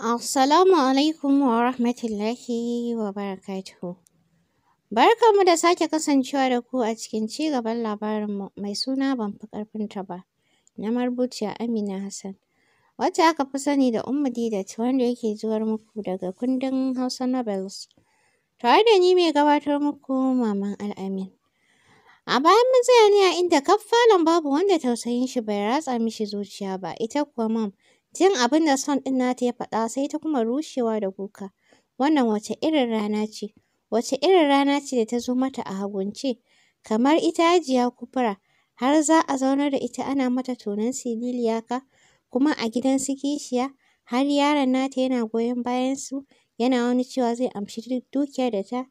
Assalamu alaikum wa rahmatullahi wa barakatuhu. mu da sake kasancewa da ku a cikin ci gaban labarinmu mai suna ban fi ƙarfinta ba, na marubuciya Amina Hassan. Wacce aka fi sani da Ummu Didat wanda yake zuwar muku daga kundin Hausa Novels. Tare da ni mai gabatar muku Maman Al'amin. A bayan mun ne a inda kafalan babu wanda tausayin shi bai ratsa mishi zuciya ba, ita kuwa mam. Jin abin da son ɗin nata ya faɗa sai ta kuma rushewa da kuka. Wannan wace irin rana ce? Wace irin rana ce da ta zo mata a hagunce? Kamar ita hajiya kubura, har za a zaunar da ita ana mata tonon sililiya ka, kuma a gidan su kishiya, har yaron nata yana goyon bayan su? yana wani cewa zai amshi duk dukiyar da ta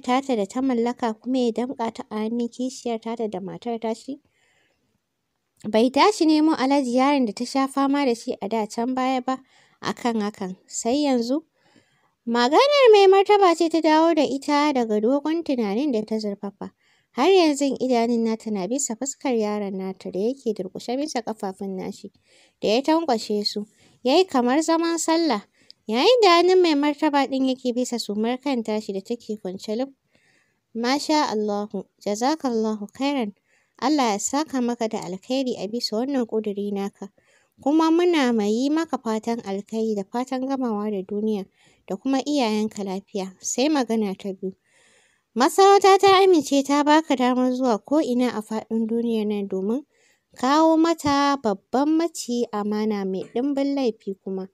tata da ta mallaka kuma ya damƙa ta a hannun kishiyar tata da matar ta shi? Bai tashi nemo alaji yaron da ta sha fama da shi a da can baya ba akan hakan, sai yanzu. Maganar mai martaba ce ta dawo da ita daga dogon tunanin da ta zurfafa. Har yanzu idanun nata na bisa fuskar yaron nata da yake durƙushe bisa ƙafafun nashi, da ya tankwashe su, ya kamar zaman sallah. Yayin da hannun mai martaba ɗin yake bisa sumar kan tashi da take kwance lub. Masha Allahu, jazakallahu khairan. Allah ya saka maka da alkhairi a bisa wannan ƙuduri naka. Kuma muna mai yi maka fatan alkhairi da fatan gamawa da duniya da kuma iyayenka lafiya. Sai magana ta biyu. Masarauta ta amince ta baka damar zuwa ko'ina a faɗin duniya nan domin kawo mata babban maci amana mai ɗimbin laifi kuma.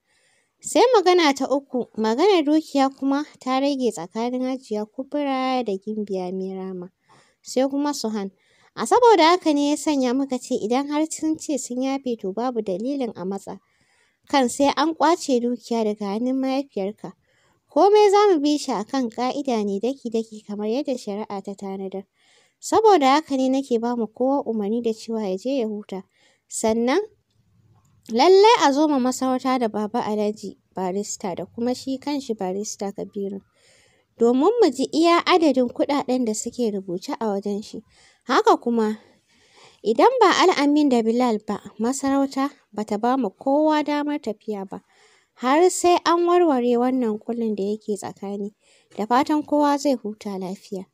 Sai magana ta uku, maganar dukiya kuma ta rage tsakanin Hajiya Kubura da Gimbiya Rama. Sai kuma su Suhan, A saboda haka ne ya sanya muka ce idan har sun ce sun yafe to babu dalilin a matsa. Kan sai an ƙwace dukiya daga hannun mahaifiyarka. Komai za mu bi shi a kan ƙa'ida ne daki-daki kamar yadda shari'a ta tanadar. Saboda haka ne nake ba mu kowa umarni da cewa ya je ya huta. Sannan lallai a zo ma masarauta da Baba Alhaji barista da kuma shi kan shi barista Kabiru. Domin mu ji iya adadin kuɗaɗen da suke rubuce a wajen shi. Haka kuma, idan ba al'amin da Bilal ba, masarauta ba ta ba mu kowa damar tafiya ba, har sai an warware wannan ƙullin da yake tsakani. Da fatan kowa zai huta lafiya.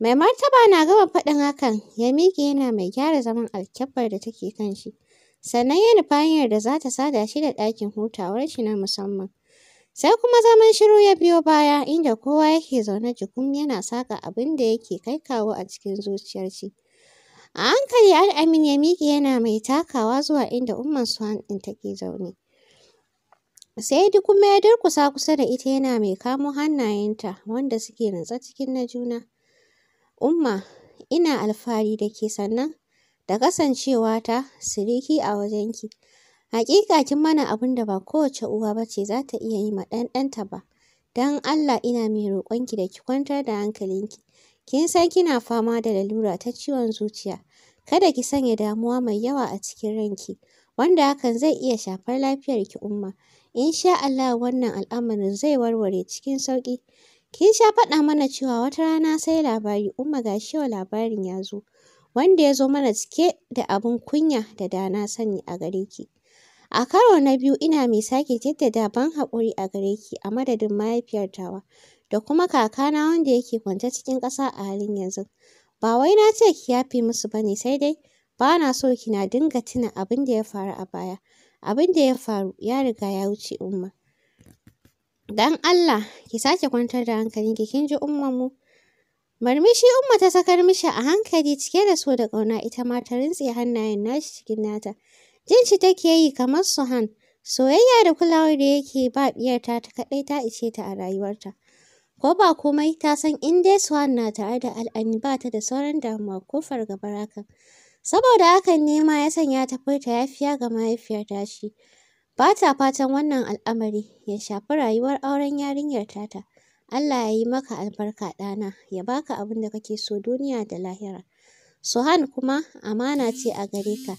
Mai martaba na gama faɗin hakan, ya miƙe yana mai gyara zaman alkyabbar da take kan shi, sannan ya nufi hanyar da za ta sada shi da ɗakin hutawar shi na musamman. Sai kuma zaman shiru ya biyo baya, inda kowa yake zaune jikun yana saka abin da yake kai kawo a cikin zuciyar shi. A hankali Al'amin ya miƙe yana mai takawa zuwa inda Umman suwan ɗin take zaune. Sai duk kuma ya durƙusa kusa da ita yana mai kamo hannayenta wanda suke natse cikin na juna. Umma, ina alfahari da ke sannan da kasancewata siriki a wajenki. Haƙiƙa kin mana abin da ba kowace uwa ba ce za ta iya yi ma ɗanɗanta ba. Don Allah ina mai roƙonki da ki kwantar da hankalinki. Kin san kina fama da lalura ta ciwon zuciya. Kada ki sanya damuwa mai yawa a cikin ranki, wanda hakan zai iya shafar lafiyarki Umma. sha Allah wannan al'amarin zai warware cikin sauƙi. Kin sha faɗa mana cewa wata rana sai labari Umma ga shi labarin ya zo, wanda ya zo mana cike da abin kunya da da na sani a gare ki. A karo na biyu ina mai sake jaddada ban haƙuri a gare ki a madadin mahaifiyar tawa da kuma kakana wanda yake kwance cikin ƙasa a halin yanzu. Ba wai na ce ki yafe musu ba ne sai dai ba na so kina dinga tuna abin da ya faru a baya. Abin da ya faru ya riga ya wuce Umma. Dan Allah ki sake kwantar da hankali, ki kin ji Ummanmu. Marmishi Umma ta sakar mishi a hankali cike da so da ƙauna ita ma ta rintse hannayen nashi cikin nata. Jinci take yi kamar Suhan, soyayya da kulawar da yake ba ɗiyarta ta kadai ta ishe ta a rayuwarta. Ko ba komai ta san in dai Suhan na tare da al'ani ba ta da sauran damuwa ko fargabar hakan. Saboda hakan ne ma ya sanya ta furta yafiya ga mahaifiyarta shi, Ba ta fatan wannan al'amari ya shafi rayuwar auren yarinyar ta. Allah ya yi maka albarka ɗana, ya baka abin da kake so duniya da lahira. Suhan kuma amana ce a gare ka.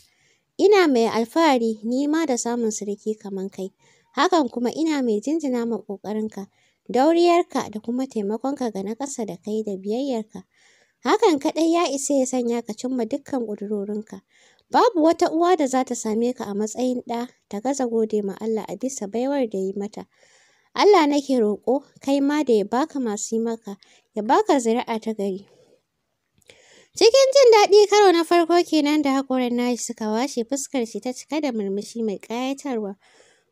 Ina mai alfahari ni ma da samun sarki kamar kai, hakan kuma ina mai jinjina ma ƙoƙarinka, dauriyarka da kuma taimakonka ga na ƙasa da kai da biyayyarka. Hakan kaɗai ya isa ya sanya ka cimma dukkan ƙudurorinka. Babu wata uwa da za ta same ka a matsayin ɗa ta gaza gode ma Allah a bisa baiwar da yi mata. Allah nake roƙo kai ma da ya ba ka masu yi maka, ya ba ka zuri'a ta gari. Cikin jin daɗi karo na farko kenan da haƙoran nashi suka washe fuskar shi ta cika da murmushi mai ƙayatarwa,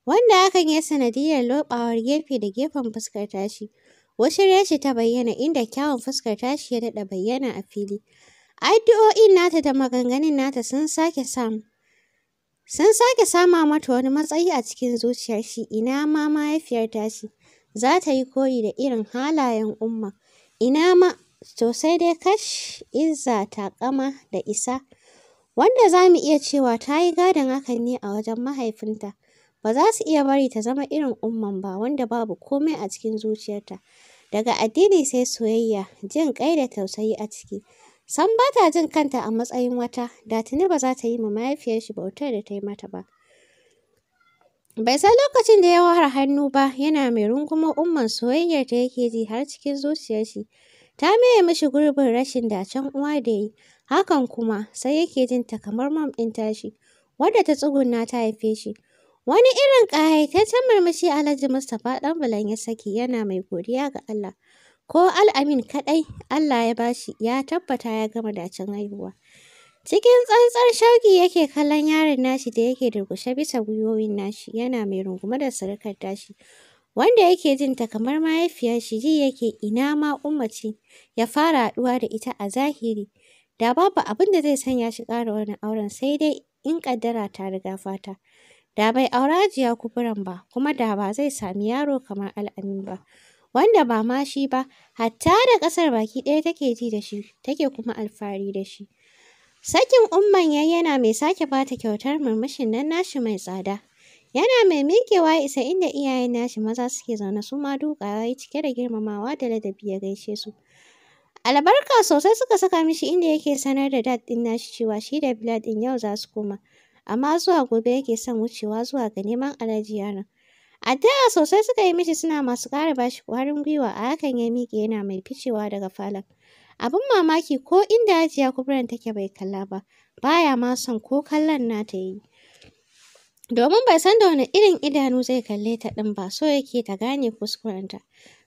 wanda hakan ya sanadiyar loɓawar gefe da gefen fuskar tashi. Wasu shi ta bayyana inda kyawun fuskar tashi ya daɗa bayyana a fili. Addu'o'in nata da maganganun nata sun sake samu. Sun sake sama mata wani matsayi a cikin zuciyar shi ina ma mahaifiyar tashi za ta yi koyi da irin halayen umma. Ina ma To sai dai kash ta ƙama da isa, wanda za mu iya cewa ta yi gadon hakan ne a wajen mahaifinta, ba za su iya bari ta zama irin Umman ba wanda babu komai a cikin zuciyarta, daga addini sai soyayya, jin kai da tausayi a ciki. San ba ta jin kanta a matsayin wata, da tuni ba za ta yi ma mahaifiyarshi bautar da ta yi mata ba. Bai san lokacin da ya ware hannu ba, yana mai rungumar umman soyayyar ta yake ji har cikin zuciyar shi. Ta maye mishi gurbin rashin dacen uwa da yi, hakan kuma sai yake jin ta kamar mom ɗin tashi, wadda ta tsuguna ta haife shi. Wani irin ƙayataccen murmushi Alhaji Mustapha bulan ya saki yana mai godiya ga Allah. Ko Al'amin kaɗai Allah ya bashi ya tabbata ya gama dacen haihuwa. Cikin tsantsar shauki yake kallon yaron nashi da yake durƙushe bisa gwiwowin nashi yana mai rungume da surukar tashi. wanda yake jin ta kamar mahaifiyar shi ji yake ina ma Umma ya fara haɗuwa da ita a zahiri. Da babu abin da zai sanya shi ƙara wani auren sai dai in ƙaddara ta riga fata. Da bai aura jiya kuburan ba kuma da ba zai sami yaro kamar al'amin ba. Wanda ba ma shi ba, hatta da ƙasar baki ɗaya take ji da shi, take kuma alfahari da shi. Sakin umman yayi yana mai sake bata kyautar murmushin nan nashi mai tsada. Yana mai miƙewa ya isa inda iyayen nashi maza suke zaune su ma duka, ya cike da girmamawa da ladabi ya gaishe su. Albarka sosai suka saka mishi inda yake sanar da dad ɗin nashi cewa shi da blood ɗin yau za su koma. Amma zuwa gobe yake son wucewa zuwa ga neman alhaji yaron. Addu'a sosai suka yi mishi suna masu ƙara bashi kwarin gwiwa a hakan ya miƙe yana mai ficewa daga falon. Abin mamaki ko inda Hajiya Kubran take bai kalla ba, baya ma son ko kallon nata yi. domin bai san da wani irin idanu zai kalle ta ɗin ba so yake ta gane kuskurenta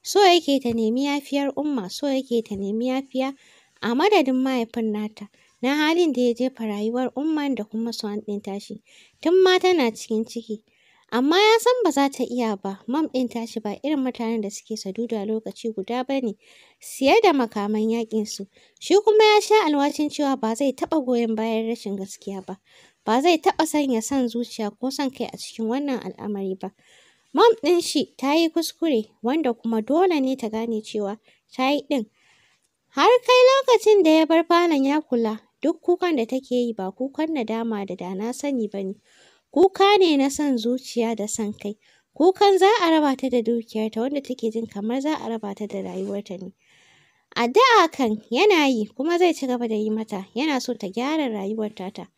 so yake ta nemi yafiyar umma so yake ta nemi yafiya a madadin mahaifin nata na halin da ya jefa rayuwar umman da kuma son ɗin tashi tun ma tana cikin ciki amma ya san ba za ta iya ba mam ɗin tashi ba irin mutanen da suke saduda lokaci guda ba ne siyar da makaman yaƙinsu shi kuma ya sha alwacin cewa ba zai taɓa goyon bayan rashin gaskiya ba ba zai taɓa sanya son zuciya ko son kai a cikin wannan al'amari ba. Mom ɗin shi ta yi kuskure wanda kuma dole ne ta gane cewa ta yi ɗin. Har kai lokacin da ya bar falon ya kula duk kukan da take yi ba kukan nadama da da na sani ba ne. Kuka ne na son zuciya da son kai. Kukan za a raba ta da dukiyarta wanda take jin kamar za a raba ta da rayuwarta ne. Addu'a kan yana yi kuma zai ci gaba da yi mata yana so ta gyara rayuwarta ta.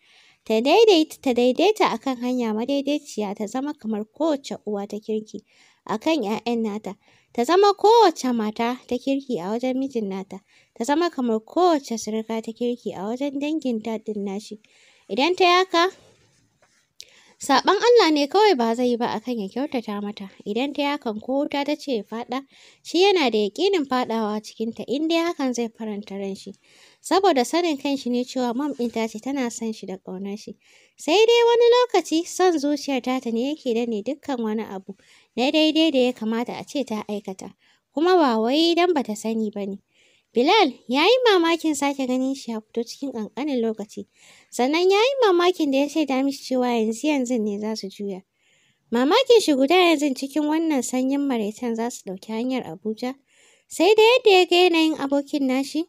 ta daidaita ta daidaita akan hanya madaidaiciya ta zama kamar kowace uwa ta kirki akan 'ya'yan nata ta zama kowace mata ta kirki a wajen mijin nata ta zama kamar kowace surka ta kirki a wajen dangin daɗin nashi idan ta yaka Saɓan Allah ne kawai ba zai yi ba akan ya kyautata mata, idan ta yakan ko wuta ta ce fada, shi yana da yaƙinin fadawa cikinta in dai hakan zai faranta ran shi. saboda sanin kanshi ne cewa mam ɗin ta ce tana son shi da ƙaunar shi. Sai dai wani lokaci son zuciyar tata ne yake da dane dukkan wani abu na daidai da ya kamata a ce ta aikata, kuma ba wai don bata sani ba ne. Bilal ya yi mamakin sake ganin shi ya fito cikin ƙanƙanin lokaci, sannan ya yi mamakin da ya shaida mishi cewa yanzu yanzu ne za su juya. Mamakin shi guda yanzu cikin wannan sanyin maraitan za su ɗauki hanyar Abuja, sai da yadda ya ga yanayin abokin nashi,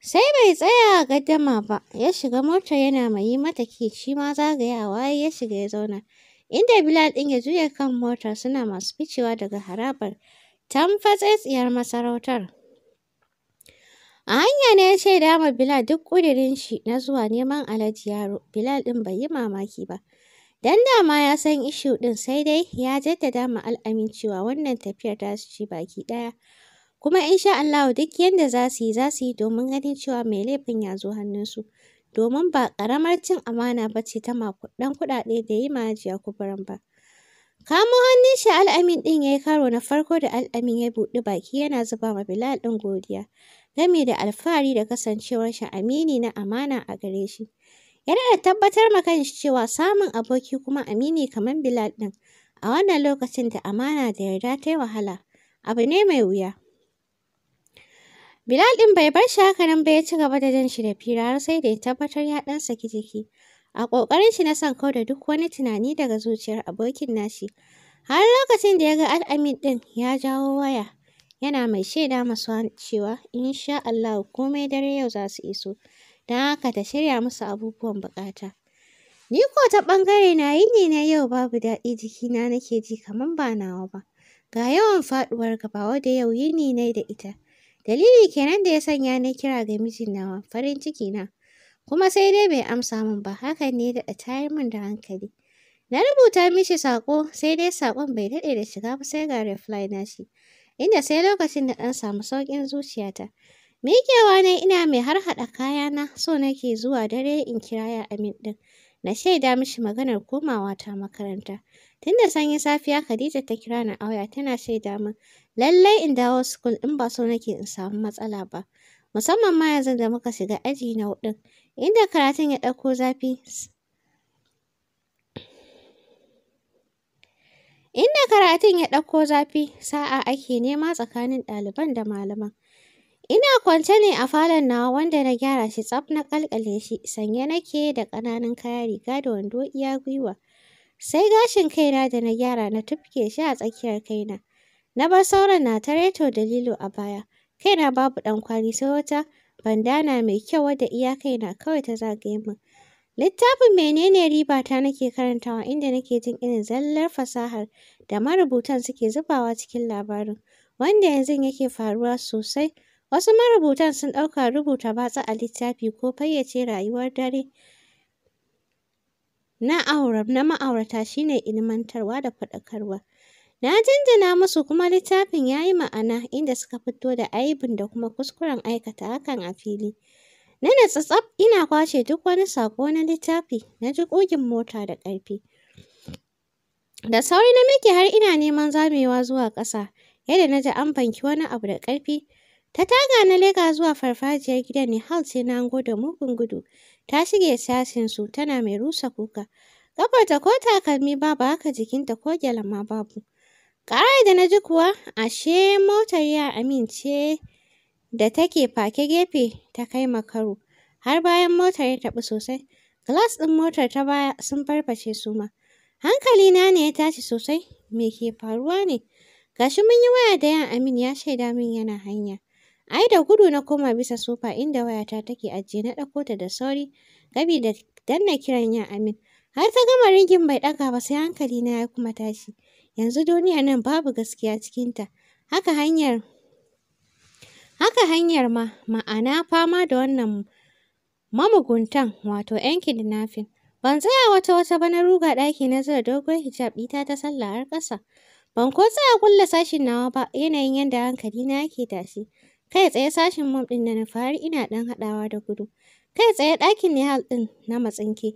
Sai bai tsaya gaddama ba, ya shiga mota yana mai yi mata ki shi ma zagayawa ya shiga ya zauna. Inda Bilal ɗin ya juya kan mota suna masu ficewa daga harabar tamfatsaitsiyar masarautar. A hanya ne ya shaida dama Bilal duk ƙudirin shi na zuwa neman Alhaji Yaro. Bilal ɗin bai yi mamaki ba. Dan dama ya san ishu ɗin sai dai ya jaddada ma al'amin cewa wannan tafiyar ta su ci baki ɗaya. Kuma in insha Allahu duk yadda za su yi za su yi domin ganin cewa mai laifin ya zo hannunsu. Domin ba ƙaramar cin amana ba ce ta makudan kuɗaɗe da yi ma ajiya ba. Kamo hannun shi al'amin ɗin ya yi karo na farko da al'amin ya buɗi baki yana zuba ma Bilal ɗin godiya. Game da alfahari da kasancewar shi amini na amana a gare shi. Yana da tabbatar ma kanshi cewa samun aboki kuma amini kamar Bilal ɗin a wannan lokacin da amana da yarda ta yi wahala abu ne mai wuya. Bilal ɗin bai bar shi haka nan ba ya ci gaba da jan shi da fira har sai da ya tabbatar ya ɗan saki jiki. A ƙoƙarin shi na son kau da duk wani tunani daga zuciyar abokin nashi. Har lokacin da ya ga al'amin ɗin ya jawo waya, yana mai shaida masu cewa insha Allah komai dare yau za su iso, don haka ta shirya musu abubuwan buƙata. Ni ko ta ɓangare na yi ne na yau babu daɗi jikina nake ji kamar ba nawa ba. Ga yawan faɗuwar gaba da yau yini ne da ita. Dalili kenan da ya sanya na kira ga mijin nawa, farin ciki na. Kuma sai dai bai amsa min ba, hakan ne da tayi min da hankali. Na rubuta mishi sako, sai dai sakon bai daɗe da shiga ba sai ga reply na shi. Inda sai lokacin da ɗan samu saukin zuciyata. wa ne ina mai har harhaɗa na so nake zuwa dare in kira ya Amin ɗin. Na shaida mishi maganar komawa ta makaranta. Tun da sanyin safiya Khadija ta kira ni a tana shaida min lallai in dawo sukul in ba so nake in samu matsala ba. Musamman ma yanzu da muka shiga aji na huɗun, inda karatun ya ɗauko zafi. Inda karatun ya ɗauko zafi, sa'a ake nema tsakanin ɗaliban da malaman. Ina kwance ne a falon nawa wanda na gyara shi tsaf na ƙalƙale shi, sanye nake da ƙananan kaya riga da wando iya gwiwa. Sai gashin kaina da na gyara na tufke shi a tsakiyar kaina. Na bar sauran na ta reto da lilo a baya. Kaina babu ɗankwali sai wata bandana mai kyau wadda iya kaina kawai ta zagaye min. Littafin menene riba ta nake karantawa inda nake jin irin zallar fasahar da marubutan suke zubawa cikin labarin, wanda yanzu yake faruwa sosai. Wasu marubutan sun ɗauka rubuta batsa a littafi ko fayyace rayuwar dare na ma'aurata shine ilmantarwa da faɗakarwa. Na jinjina musu kuma littafin ya yi ma'ana inda suka fito da aibun da kuma kuskuren aikata hakan a fili. Na natsu tsaf ina kwashe duk wani saƙo na littafi na ji ƙugin mota da ƙarfi. Da sauri na miƙe har ina neman zamewa zuwa ƙasa, yadda na ji an banki wani abu da ƙarfi. Ta taga na lega zuwa farfajiyar gidan ne hal sai na hango da mugun gudu. Ta shige su tana mai rusa kuka. ta ko takalmi babu haka jikinta ko gyalama babu. Ƙarar da na ji kuwa ashe motar ya amince da take fake gefe ta kai makaro. Har bayan motar ya taɓu sosai. Glass ɗin motar ta baya sun farfashe su ma. Hankali na ne ya tashi sosai. Me ke faruwa ne? Gashi mun yi waya da yan Amin ya shaida min yana hanya. Ai da gudu na koma bisa sofa inda wayata take ajiye na ɗauko ta da sauri, gabi da danna kiran ya Amin. Har ta gama ringin bai ɗaga ba sai hankali na ya kuma tashi. Yanzu duniya nan babu gaskiya cikinta. Haka hanyar haka hanyar ma ma'ana fama da wannan mamuguntan wato ‘yan kidnafin. Ban tsaya wata wata ba na ruga ɗaki na zura dogon hijab ita ta sallah har ƙasa. Ban ko tsaya kulle sashin nawa ba yanayin yadda hankali na yake tashi. Kai tsaye sashin mom ɗin da na fari ina ɗan haɗawa da gudu. Kai tsaye ɗakin Nihal ɗin na matsinke.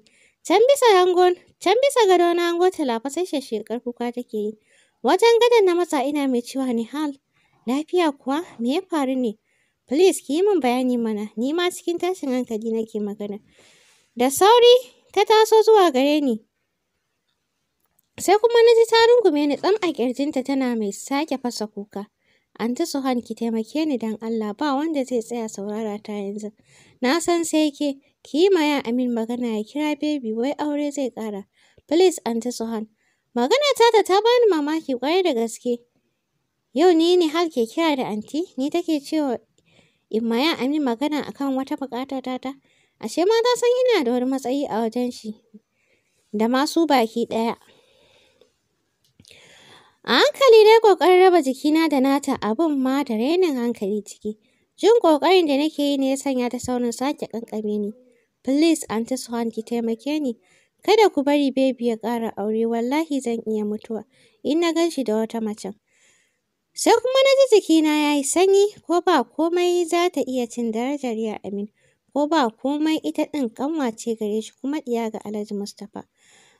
Can bisa hango, can bisa gado na hango talafa sai shashshekar kuka take yi. Wajen gadon na matsa ina mai ne hal. lafiya kuwa me ya faru ne? Please ki yi min bayani mana, ni ma cikin tashin hankali nake magana. Da sauri ta taso zuwa gare ni. Sai kuma na ji ta rungume ni tsam a ƙirjinta tana mai sake fasa kuka. Anti Suhan ki taimake ni don Allah ba wanda zai tsaya saurara ta yanzu. Na san sai ke, ki yi ma Amin magana ya kira bebi wai aure zai ƙara. Please Anti Suhan. Magana ta ta ta bani mamaki ƙwarai da gaske. Yau ni ne har ke kira da anti, ni take cewa in ma Amin magana akan wata buƙata tata. Ashe ma ta san ina da wani matsayi a wajen shi. Da masu baki ɗaya. A hankali dai ƙoƙarin raba jikina da nata abin ma da rainin hankali ciki. Jin ƙoƙarin da nake yi ne ya sanya ta saurin sake ƙanƙame ni. Please Aunty Swan ki taimake ni. Kada ku bari baby ya ƙara aure wallahi zan iya mutuwa in na gan shi da wata macen. Sai kuma na ji jikina ya yi sanyi ko ba komai za ta iya cin darajar ya Amin ko ba komai ita ɗin ƙanwa ce gare shi kuma ɗiya ga Alhaji Mustapha.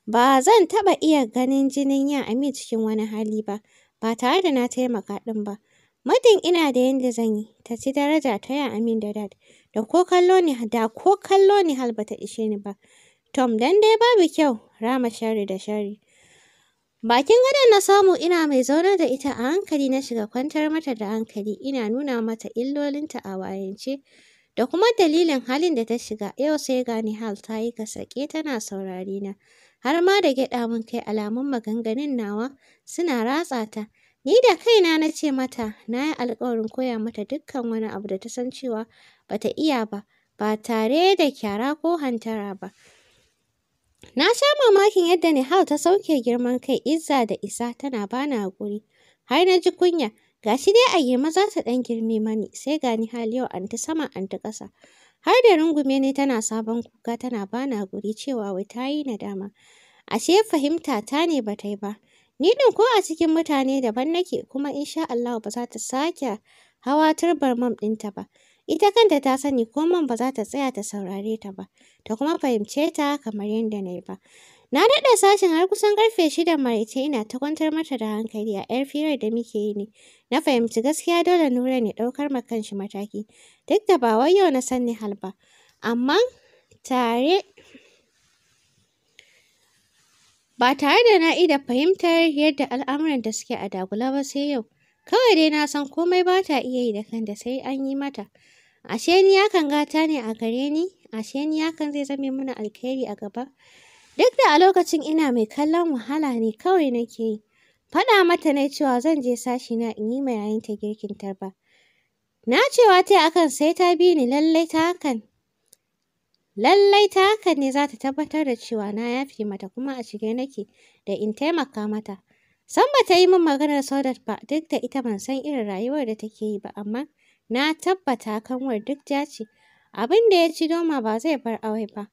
Ba zan taɓa iya ganin jinin ya Amin cikin wani hali ba, ba tare da na taimaka ɗin ba. Muddin ina da yadda zan yi, ta ci daraja ta ya Amin da Dad, da ko kallo ni da ko kallo ni hal ba ta ishe ni ba. Tom dan dai babu kyau, rama shari da shari. Bakin gadon na samu ina mai zaunar da ita a hankali na shiga kwantar mata da hankali ina nuna mata illolinta a wayance. da kuma dalilin halin da ta shiga yau sai ga hal ta yi ka kasake tana saurari na har ma da gyaɗa mun kai alamun maganganun nawa suna ratsa ta ni da kaina na ce mata na yi alƙawarin koya mata dukkan wani abu da ta san cewa ba ta iya ba ba tare da kyara ko hantara ba na sha mamakin yadda Nihal ta sauke girman kai izza da isa tana bana haƙuri har na ji kunya Gashi dai a yi maza ta ɗan girme mani, sai ga ni hali yau anti sama anti ƙasa. Har da rungume ne tana sabon kuka tana bana guri cewa wai ta yi nadama. Ashe fahimta ta ne ba ta yi ba. Ni ɗin ko a cikin mutane daban nake kuma sha Allah ba za ta sake hawa turbar mam ɗinta ba. Ita kanta ta sani ko mam ba za ta tsaya ta saurare ta ba, ta kuma fahimce ta kamar yadda na yi ba. Na daɗa sashin har kusan karfe shida maraice ina ta kwantar mata da hankali a 'yar firar da muke yi ne. Na fahimci gaskiya dole Nura ne ɗaukar ma kanshi mataki, duk da ba wai yau na san Nihal ba. Amma tare ba tare da na ida fahimtar yadda al'amuran da suke a dagula ba sai yau. Kawai dai na san komai ba ta iya yi da kanta sai an yi mata. Ashe ni yakan gata ne a gare ni, ashe ni yakan zai zame mana alkhairi a gaba. Duk da a lokacin ina mai kallon wahala ne kawai nake yi. Faɗa mata na cewa zan je sashi in yi ma yayin ta girkin tarba. Na cewa ta akan sai ta bi ni lallai ta hakan. Lallai ta hakan ne za ta tabbatar da cewa na yafe mata kuma a shige nake da in taimaka mata. San ba ta yi min maganar Saudat ba duk da ita ban san irin rayuwar da take yi ba amma na tabbata kanwar duk ja ce. Abin da ya ci doma ba zai bar aure ba.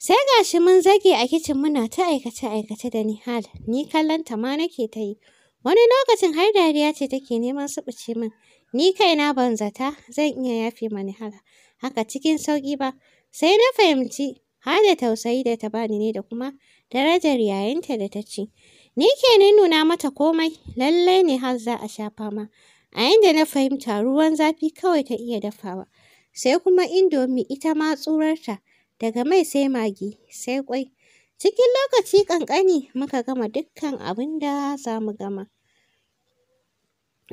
Sai ga shi mun zage a kicin muna ta aikace-aikace da Nihal, ni kallon ta ma nake ta yi. Wani lokacin har dariya ce take neman suɓuce min. Ni kaina ban zata zan iya yafe ma Nihal haka cikin sauƙi ba. Sai na fahimci har tausayi da ta bani ne da kuma darajar yayinta da ta ci. Ni ke nuna mata komai, lallai Nihal za a sha fama. A yanda na fahimta ruwan zafi kawai ta iya dafawa. Sai kuma indomi ita ma tsurarta. daga mai sai magi sai kwai. Cikin lokaci ƙanƙani muka gama dukkan abin da za mu gama.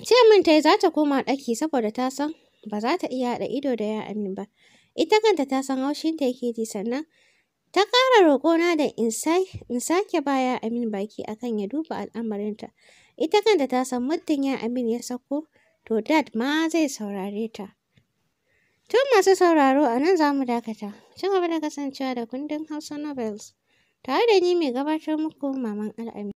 Ce min tai za ta koma ɗaki saboda ta san ba za ta iya haɗa ido da ya'yan ba. Ita kanta ta san haushin ta yake ji sannan ta ƙara na da in sake baya Amin baki akan ya duba al'amarinta. Ita kanta ta san muddin ya Amin ya sako to dad ma zai saurare ta. Tun masu sauraro a nan za mu dakata. Ci gaba da kasancewa da kundin Hausa Nobels tare da ni mai gabatar muku Maman Al'amin.